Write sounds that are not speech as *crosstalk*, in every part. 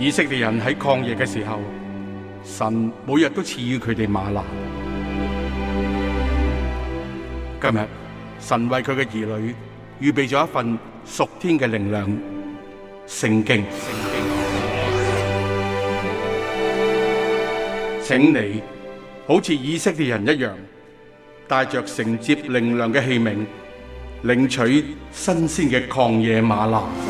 以色列人在曠野的時候，神每日都賜予佢哋嗎哪。今日，神為他的兒女預備了一份屬天的靈糧聖經，聖經。請你好像以色列人一樣，帶着承接靈糧的器皿，領取新鮮嘅曠野嗎哪。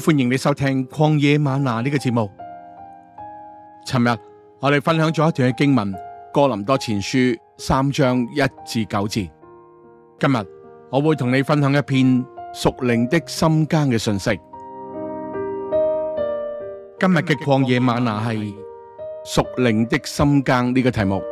歡迎你收聽曠野嗎哪呢個節目。尋日我哋分享咗一段嘅經文《哥林多前書》三章一至九字。今日我會同你分享一篇屬靈的深耕嘅信息。今日嘅曠野嗎哪係屬靈的深耕呢個題目。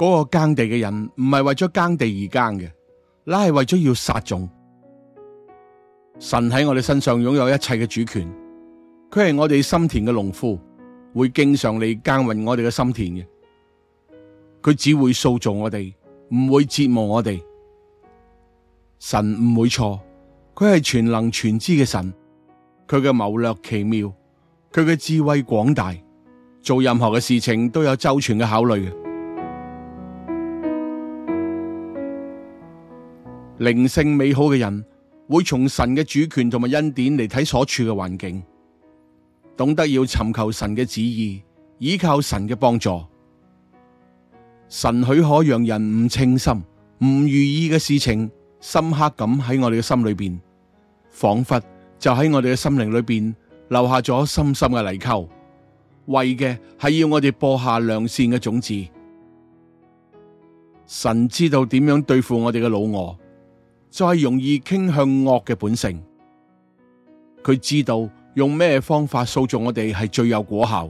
嗰個耕地嘅人唔係為咗耕地而耕嘅，乃係為咗要撒種。神喺我哋身上擁有一切嘅主權，佢係我哋心田嘅農夫，會經常嚟耕耘我哋嘅心田嘅。佢只會塑造我哋，唔會折磨我哋。神唔會錯，佢係全能全知嘅神，佢嘅謀略奇妙，佢嘅智慧廣大，做任何嘅事情都有周全嘅考慮嘅。靈性美好嘅人會從神嘅主權同埋恩典嚟睇所處嘅環境，懂得要尋求神嘅旨意，依靠神嘅幫助。神許可讓人唔稱心、唔如意嘅事情，深刻咁喺我哋嘅心裏邊，仿佛就喺我哋嘅心靈裏邊留下咗深深嘅泥溝，為嘅係要我哋播下良善嘅種子。神知道點樣對付我哋嘅老我。就係、是、容易傾向惡嘅本性，佢知道用咩方法塑造我哋係最有果效。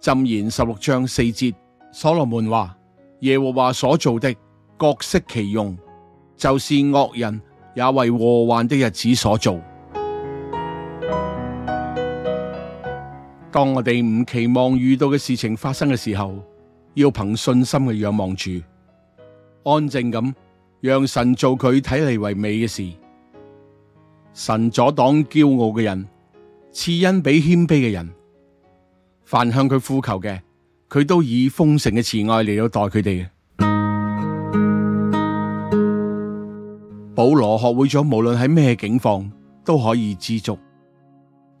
箴言十六章四節，所羅門話：耶和華所做的各適其用，就是惡人也為禍患的日子所做。當我哋唔期望遇到嘅事情發生嘅時候，要憑信心去仰望主，安靜咁。讓神做佢睇嚟為美嘅事。神阻擋驕傲嘅人，賜恩俾謙卑嘅人。凡向佢呼求嘅，佢都以豐盛嘅慈愛嚟對待佢哋嘅。保羅學會咗，無論喺咩境況都可以知足。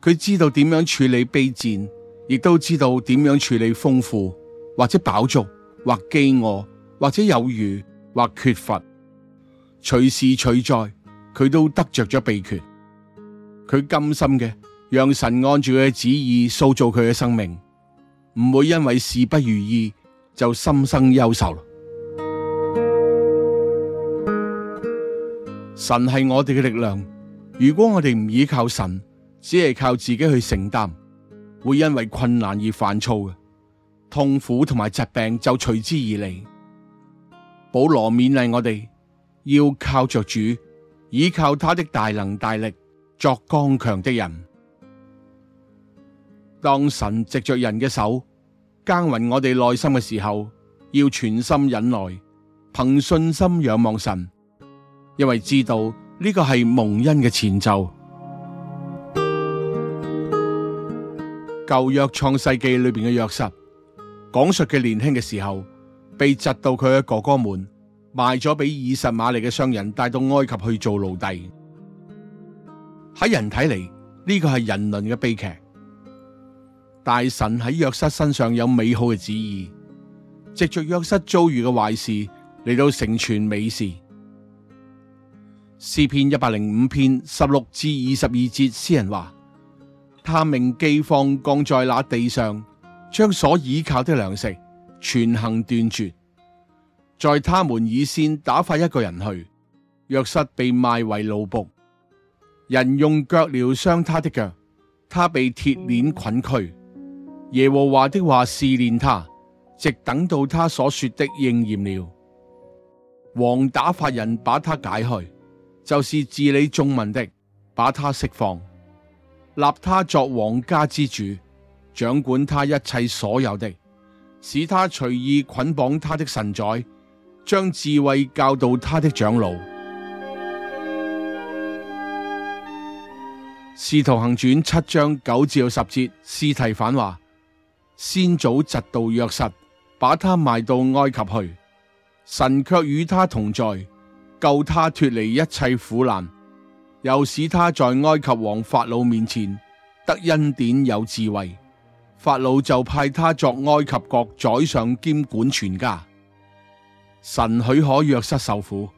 佢知道點樣處理卑賤，亦都知道點樣處理豐富，或者飽足，或飢餓，或者有餘，或有餘，或缺乏。隨事隨在，佢都得着咗秘訣。佢甘心嘅，讓神按住佢嘅旨意塑造佢嘅生命，唔會因為事不如意就心生憂愁。神係我哋嘅力量，如果我哋唔依靠神，只係靠自己去承擔，會因為困難而煩躁嘅痛苦同埋疾病就隨之而嚟。保羅勉勵我哋。要靠着主，依靠他的大能大力，作剛強的人。當神藉着人嘅手耕耘我哋內心嘅時候，要全心忍耐，憑信心仰望神，因為知道呢、這個係蒙恩嘅前奏。 *music* 舊約創世紀裏邊嘅約瑟，講述嘅年輕嘅時候，被窒到佢嘅哥哥們。賣咗俾以實瑪利嘅商人，帶到埃及去做奴隸。喺人睇嚟呢個係人倫嘅悲劇。大神喺約瑟身上有美好嘅旨意，藉着約瑟遭遇嘅壞事嚟到成全美事。詩篇一百零五篇十六至二十二節，詩人話：他命飢荒降在那地上，將所倚靠的糧食全行斷絕。在他們以先打發一個人去，約瑟被賣為奴僕，人用腳鐐傷他的腳，他被鐵鏈捆拘。耶和華的話試煉他，直等到他所說的應驗了。王打發人把他解開，就是治理眾民的，把他釋放，立他作皇家之主，掌管他一切所有的，使他隨意捆綁他的臣宰。將智慧教導他的長老，使徒行傳七章九至十節，司提反話：先祖嫉妒約瑟，把他賣到埃及去。神卻與他同在，救他脱離一切苦難，又使他在埃及王法老面前得恩典，有智慧。法老就派他作埃及國宰相，兼管全家。神許可約瑟受苦，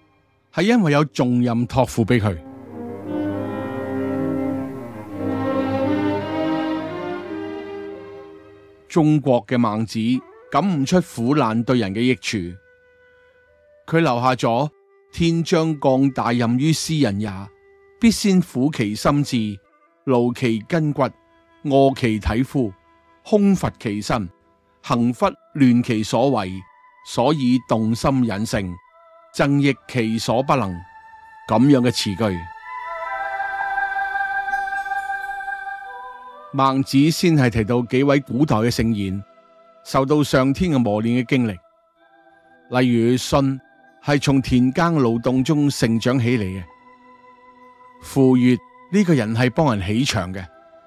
係因為有重任託付俾佢。中國嘅孟子感悟出苦難對人嘅益處，佢留下咗：天將降大任於斯人也，必先苦其心志，勞其筋骨，餓其體膚，空乏其身，行拂亂其所為。所以動心忍性，曾益其所不能。咁樣嘅詞句，孟子先係提到幾位古代嘅聖賢受到上天嘅磨練嘅經歷，例如舜係從田耕勞動中成長起嚟嘅，傅說呢個人係幫人起牆嘅，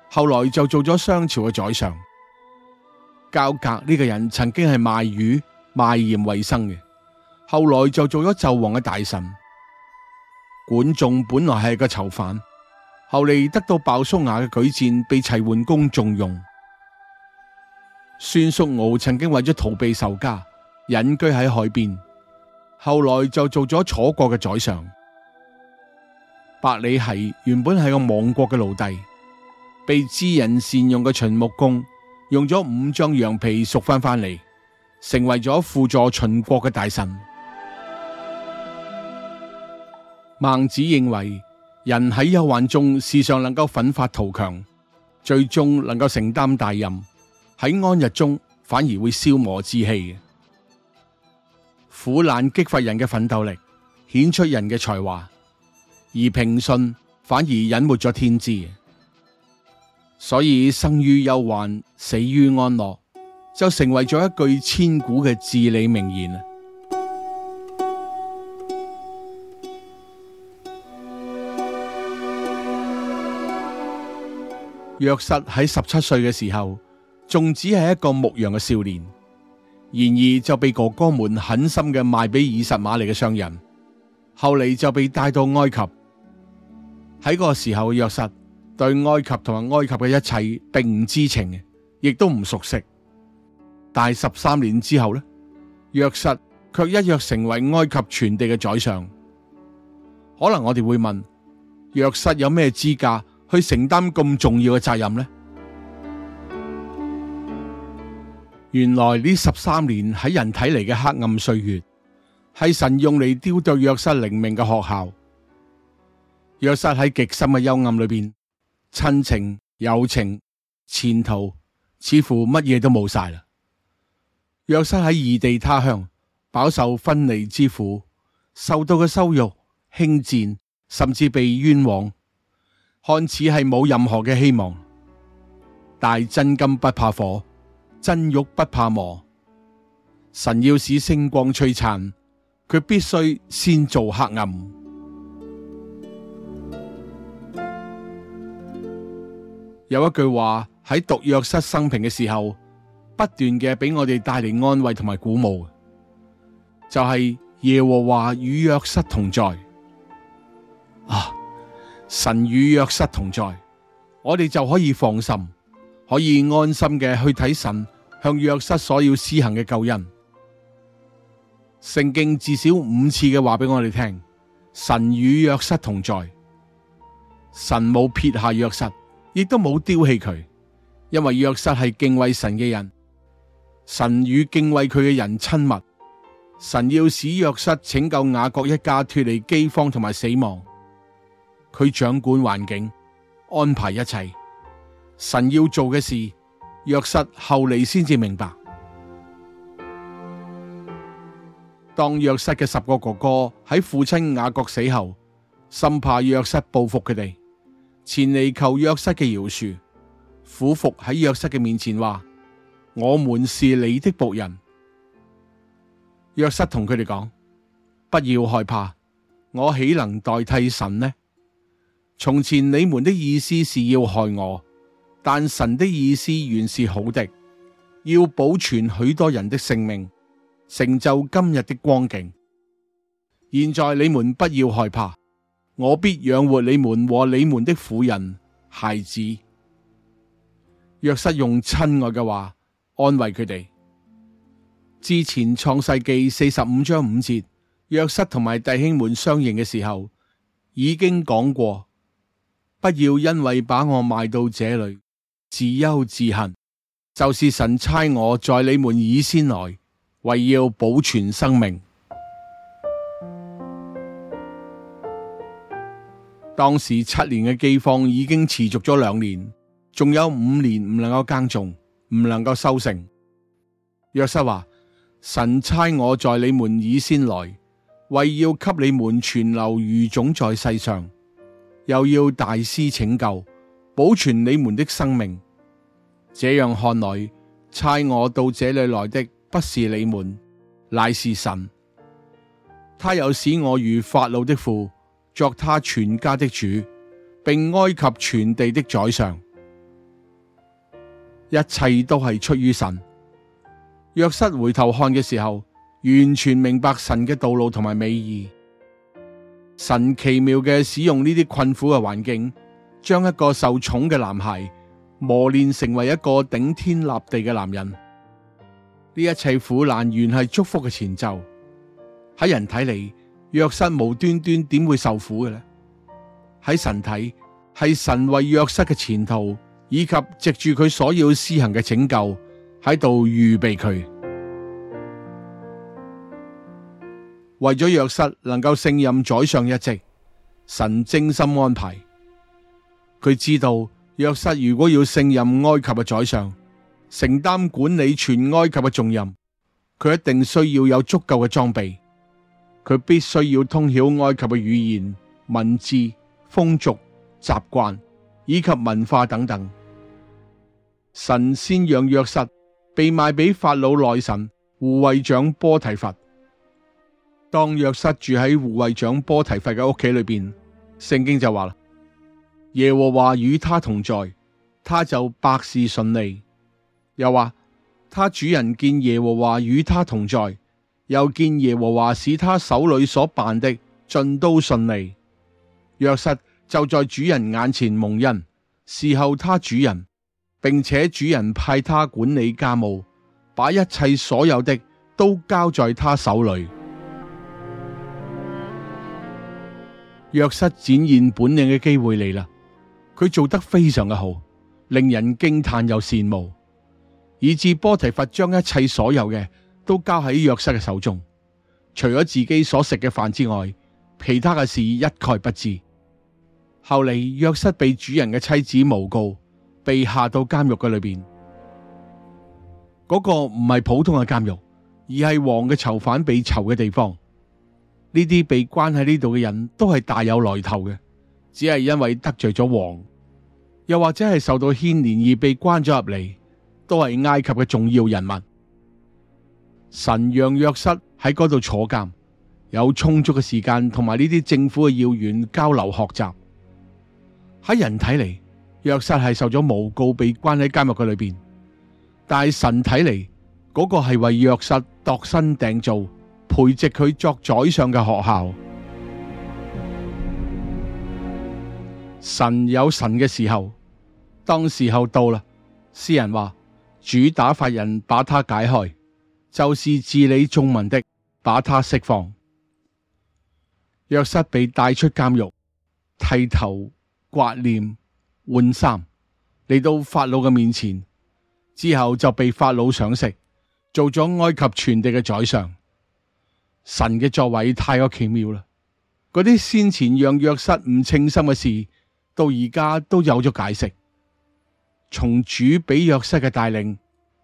後來就做咗商朝嘅宰相。膠鬲呢個人曾經係賣魚賣鹽為生嘅，後來就做咗紂王嘅大臣。管仲本來係個囚犯，後嚟得到鮑叔牙嘅舉薦，被齊桓公重用。孫叔敖曾經為咗逃避仇家，隱居喺海邊，後來就做咗楚國嘅宰相。百里奚原本係個亡國嘅奴隸，被知人善用嘅秦穆公用咗五張羊皮贖翻翻嚟。成為咗輔助秦國嘅大臣。孟子認為，人喺憂患中事上能夠奮發圖強，最終能夠承擔大任；喺安逸中反而會消磨志氣。苦難激發人嘅奮鬥力，顯出人嘅才華，而平順反而隱沒咗天資。所以生於憂患，死於安樂。就成為咗一句千古嘅至理名言啦。約瑟喺十七歲嘅時候，仲只係一個牧羊嘅少年，然而就被哥哥們狠心嘅賣俾以實瑪利嘅商人，後嚟就被帶到埃及。喺個時候，約瑟對埃及同埋埃及嘅一切並唔知情，亦都唔熟悉。但十三年之後呢，約瑟卻一躍成為埃及全地嘅宰相。可能我哋會問：「約瑟有咩資格去承擔咁重要嘅責任呢？」原來呢十三年喺人體嚟嘅黑暗歲月，係神用嚟雕琢約瑟靈命嘅學校。約瑟喺極深嘅幽暗裏邊，親情、友情、前途，似乎乜嘢都冇晒啦。約瑟喺異地他鄉，飽受分離之苦，受到嘅羞辱、輕賤，甚至被冤枉，看似係冇任何嘅希望。但真金不怕火，真玉不怕磨。神要使星光璀璨，佢必須先造黑暗。 *music* 有一句話喺讀約瑟生平嘅時候。不斷嘅俾我哋帶嚟安慰同埋鼓舞，就係耶和華與約瑟同在啊！神與約瑟同在，我哋就可以放心，可以安心嘅去睇神向約瑟所要施行嘅救恩。聖經至少五次嘅話俾我哋聽，神與約瑟同在，神冇撇下約瑟，亦都冇丟棄佢，因為約瑟係敬畏神嘅人。神與敬畏佢嘅人親密，神要使約瑟拯救雅各一家脫離饑荒同埋死亡。佢掌管環境，安排一切。神要做嘅事，約瑟後嚟先至明白。當約瑟嘅十個哥哥喺父親雅各死後，生怕約瑟報復佢哋，前嚟求約瑟嘅饒恕，俯伏喺約瑟嘅面前話。我們是你的僕人，約瑟同佢哋講：不要害怕，我豈能代替神呢？從前你們的意思是要害我，但神的意思原是好的，要保存許多人的性命，成就今日的光景。現在你們不要害怕，我必養活你們和你們的婦人、孩子。約瑟用親愛嘅話。安慰佢哋。之前創世記四十五章五節，約瑟同埋弟兄們相認嘅時候，已經講過：不要因為把我賣到這裏，自憂自恨。就是神差我在你們以先來，為要保存生命。當時七年嘅饑荒已經持續咗兩年，仲有五年唔能夠耕種。唔能夠收成。約瑟話：神差我在你們以先來，為要給你們存留餘種在世上，又要大施拯救，保存你們的生命。這樣看來，差我到這裡來的不是你們，乃是神。他又使我如法老的父作他全家的主，並埃及全地的宰相。一切都係出於神。約瑟回頭看嘅時候，完全明白神嘅道路同埋美意。神奇妙嘅使用呢啲困苦嘅環境，將一個受寵嘅男孩磨練成為一個頂天立地嘅男人。呢一切苦難原係祝福嘅前奏。喺人睇嚟，約瑟無端端點會受苦嘅咧？喺神睇，係神為約瑟嘅前途。以及藉住佢所要施行嘅拯救喺度預備佢，為咗約瑟能夠勝任宰相一職，神精心安排。佢知道約瑟如果要勝任埃及嘅宰相，承擔管理全埃及嘅重任，佢一定需要有足夠嘅裝備。佢必須要通曉埃及嘅語言、文字、風俗、習慣以及文化等等。神仙讓約實被賣俾法老內神護衛長波提乏。當約實住喺護衛長波提乏嘅屋企裏邊，聖經就話啦：耶和華與他同在，他就百事順利。又話他主人見耶和華與他同在，又見耶和華使他手裏所辦的盡都順利。約實就在主人眼前蒙恩，侍候他主人。並且主人派他管理家務，把一切所有的都交在他手裏。約瑟展現本領嘅機會嚟啦，佢做得非常嘅好，令人驚嘆又羨慕，以致波提乏將一切所有嘅都交喺約瑟嘅手中。除咗自己所食嘅飯之外，其他嘅事一概不知。後嚟約瑟被主人嘅妻子誣告。被下到監獄嘅裏邊，嗰個唔係普通嘅監獄，而係王嘅囚犯被囚嘅地方。呢啲被關喺呢度嘅人都係大有來頭嘅，只係因為得罪咗王，又或者係受到牽連而被關咗入嚟，都係埃及嘅重要人物。神讓約瑟喺嗰度坐監，有充足嘅時間同埋呢啲政府嘅要員交流學習。喺人睇嚟，約瑟係受咗誣告，被關喺監獄嘅裏邊。但係神睇嚟，嗰個係為約瑟度身訂造，培植佢作宰相嘅學校。神有神嘅時候，當時候到啦。詩人話：主打發人把他解開，就是治理眾民的，把他釋放。約瑟被帶出監獄，剃頭刮臉。換衫嚟到法老嘅面前，之後就被法老賞識，做咗埃及全地嘅宰相。神嘅作為太過奇妙啦！嗰啲先前讓約瑟唔稱心嘅事，到而家都有咗解釋。從主俾約瑟嘅帶領，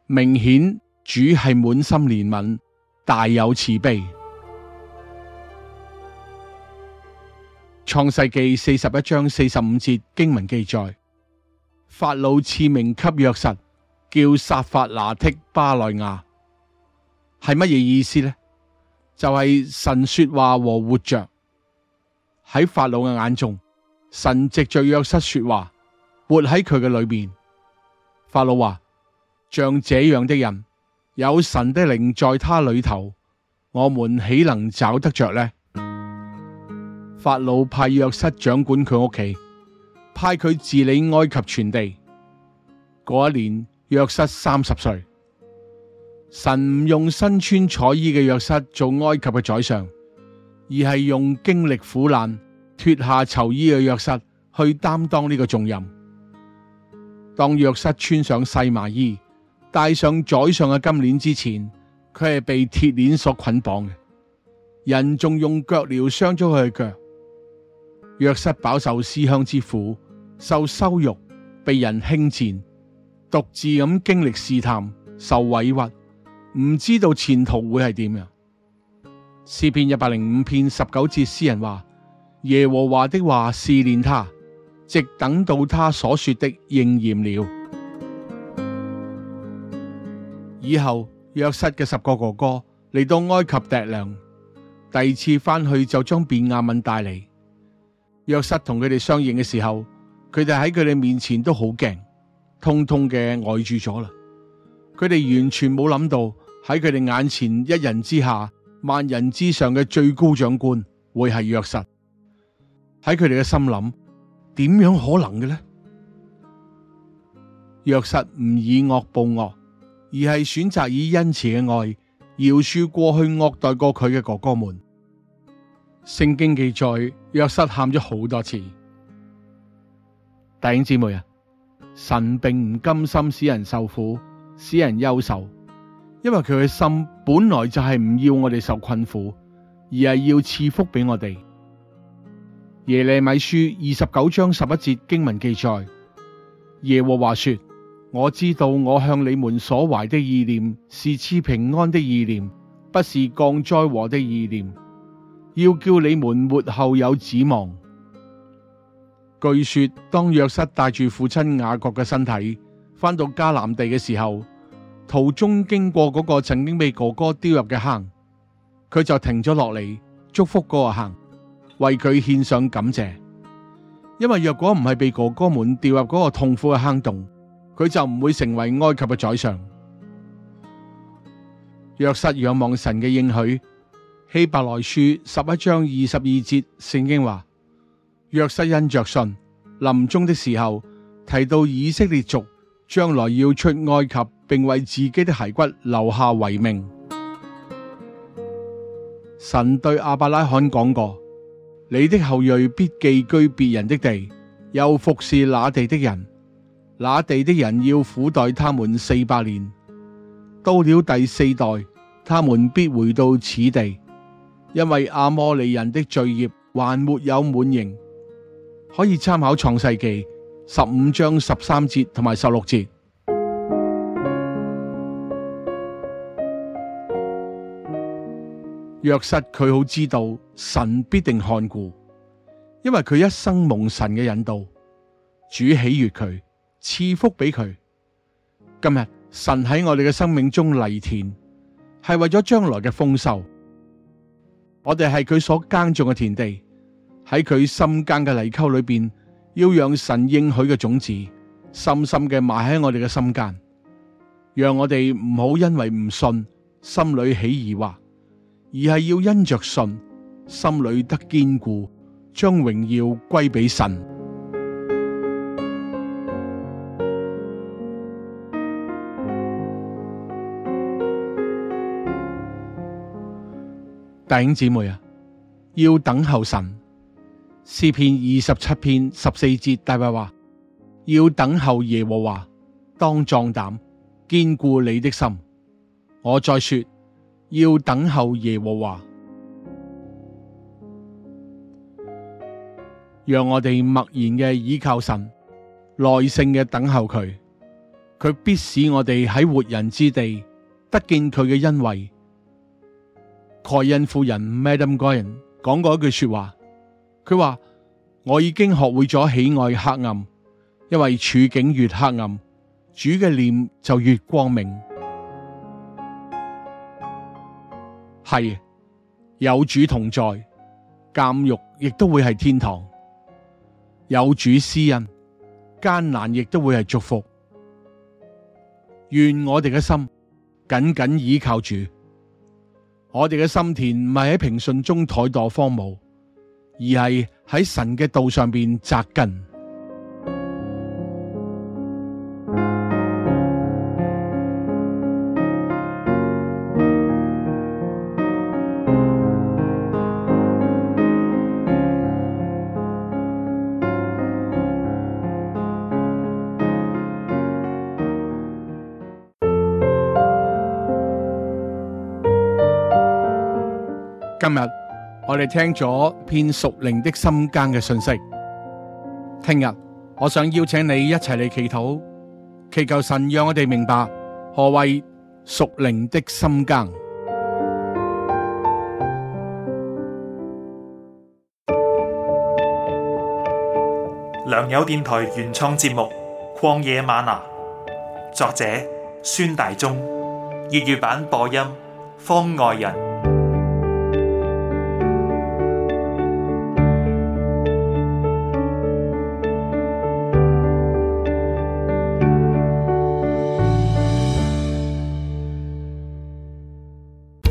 明顯主係滿心憐憫，大有慈悲。創世紀四十一章四十五節經文記載，法老賜名給約瑟，叫撒法拿剔巴內亞，係乜嘢意思呢？就係、是、神說話和活着。喺法老嘅眼中，神藉着約瑟說話，活喺佢嘅裏面。法老話：像這樣的人，有神的靈在他裏頭，我們豈能找得着呢？法老派約瑟掌管佢屋企，派佢治理埃及全地。嗰一年，約瑟三十歲。神唔用身穿彩衣嘅約瑟做埃及嘅宰相，而係用經歷苦難脫下囚衣嘅約瑟去擔當呢個重任。當約瑟穿上細麻衣，戴上宰相嘅金鏈之前，佢係被鐵鏈所捆綁嘅。人仲用腳鐐傷咗佢嘅腳。約瑟飽受思鄉之苦，受羞辱，被人輕賤，獨自咁經歷試探，受委屈，唔知道前途會係點呀。詩篇一百零五篇十九節，詩人話：耶和華的話試煉他，直等到他所說的應驗了。以後約瑟嘅十個哥哥嚟到埃及糴糧，第二次翻去就將便雅憫帶嚟。約瑟同佢哋相認嘅時候，佢哋喺佢哋面前都好驚，通通嘅呆住咗啦。佢哋完全冇諗到喺佢哋眼前一人之下、萬人之上嘅最高長官，會係約瑟。喺佢哋嘅心諗，點樣可能嘅呢？約瑟唔以惡報惡，而係選擇以恩慈嘅愛饒恕過去惡待過佢嘅哥哥們。聖經記載。若失喊咗好多次，弟兄姊妹啊，神並唔甘心使人受苦、使人憂愁，因為佢嘅心本來就係唔要我哋受困苦，而係要賜福俾我哋。耶利米書二十九章十一節經文記載：耶和華說，我知道我向你們所懷的意念是賜平安的意念，不是降災禍的意念。要叫你們末後有指望。據說當約瑟帶住父親雅各嘅身體翻到迦南地嘅時候，途中經過嗰個曾經被哥哥丟入嘅坑，佢就停咗落嚟，祝福嗰個坑，為佢獻上感謝。因為若果唔係被哥哥們掉入嗰個痛苦嘅坑洞，佢就唔會成為埃及嘅宰相。約瑟仰望神嘅應許。希伯來書十一章二十二節，聖經話：約瑟因着信，臨終的時候提到以色列族將來要出埃及，並為自己的骸骨留下遺命。神對亞伯拉罕講過：你的後裔必寄居別人的地，又服事那地的人，那地的人要苦待他們四百年。到了第四代，他們必回到此地。因為阿摩利人的罪孽還沒有滿盈，可以參考創世記十五章十三節同埋十六節。約瑟佢好知道神必定看顧，因為佢一生蒙神嘅引導，主喜悦佢，賜福俾佢。今日神喺我哋嘅生命中犁田，係為咗將來嘅豐收。我哋係佢所耕種嘅田地，喺佢心間嘅泥溝裏邊，要讓神應許嘅種子深深嘅埋喺我哋嘅心間，讓我哋唔好因為唔信，心裏起疑惑，而係要因着信，心裏得堅固，將榮耀歸俾神。弟兄姊妹啊，要等候神。詩篇二十七篇十四節大衛話：要等候耶和華，當壯膽，堅固你的心。我再說，要等候耶和華。讓我哋默然嘅倚靠神，耐性嘅等候佢，佢必使我哋喺活人之地得見佢嘅恩惠。蓋恩夫人 Madame Goyen 講過一句說話，佢話：我已經學會咗喜愛黑暗，因為處境越黑暗，主嘅念就越光明。係有主同在，監獄亦都會係天堂；有主施恩，艱難亦都會係祝福。願我哋嘅心緊緊依靠住。我哋嘅心田唔係喺平順中怠惰荒蕪，而係喺神嘅道上面扎根。今日我哋聽咗篇屬靈的深耕嘅信息，聽日我想邀請你一齊嚟祈禱，祈求神讓我哋明白何謂屬靈的深耕。良友電台原創節目《曠野嗎哪》，作者孫大中，粵語版播音方外人。